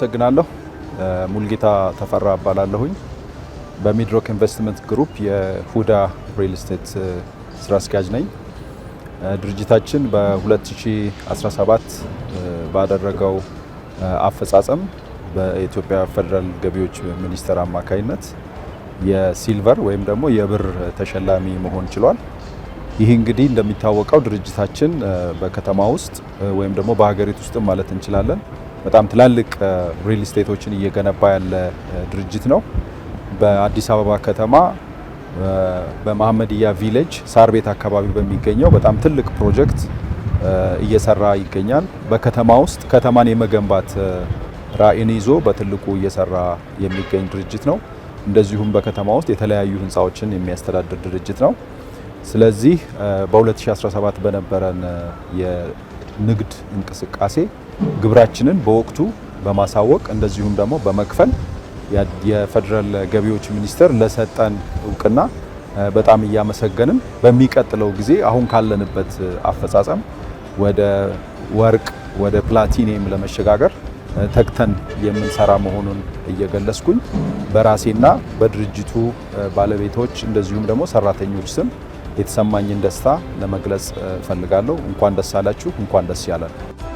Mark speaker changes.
Speaker 1: አመሰግናለሁ። ሙልጌታ ተፈራ እባላለሁኝ። በሚድሮክ ኢንቨስትመንት ግሩፕ የሁዳ ሪል ስቴት ስራ አስኪያጅ ነኝ። ድርጅታችን በ2017 ባደረገው አፈጻጸም በኢትዮጵያ ፌዴራል ገቢዎች ሚኒስቴር አማካኝነት የሲልቨር ወይም ደግሞ የብር ተሸላሚ መሆን ችሏል። ይህ እንግዲህ እንደሚታወቀው ድርጅታችን በከተማ ውስጥ ወይም ደግሞ በሀገሪቱ ውስጥም ማለት እንችላለን በጣም ትላልቅ ሪል ስቴቶችን እየገነባ ያለ ድርጅት ነው። በአዲስ አበባ ከተማ በመሀመድያ ቪሌጅ ሳር ቤት አካባቢ በሚገኘው በጣም ትልቅ ፕሮጀክት እየሰራ ይገኛል። በከተማ ውስጥ ከተማን የመገንባት ራዕይን ይዞ በትልቁ እየሰራ የሚገኝ ድርጅት ነው። እንደዚሁም በከተማ ውስጥ የተለያዩ ህንፃዎችን የሚያስተዳድር ድርጅት ነው። ስለዚህ በ2017 በነበረን ንግድ እንቅስቃሴ ግብራችንን በወቅቱ በማሳወቅ እንደዚሁም ደግሞ በመክፈል የፌዴራል ገቢዎች ሚኒስቴር ለሰጠን እውቅና በጣም እያመሰገንን በሚቀጥለው ጊዜ አሁን ካለንበት አፈጻጸም ወደ ወርቅ ወደ ፕላቲኒየም ለመሸጋገር ተግተን የምንሰራ መሆኑን እየገለጽኩኝ በራሴና በድርጅቱ ባለቤቶች እንደዚሁም ደግሞ ሰራተኞች ስም የተሰማኝን ደስታ ለመግለጽ እፈልጋለሁ። እንኳን ደስ አላችሁ፣ እንኳን ደስ ያለን።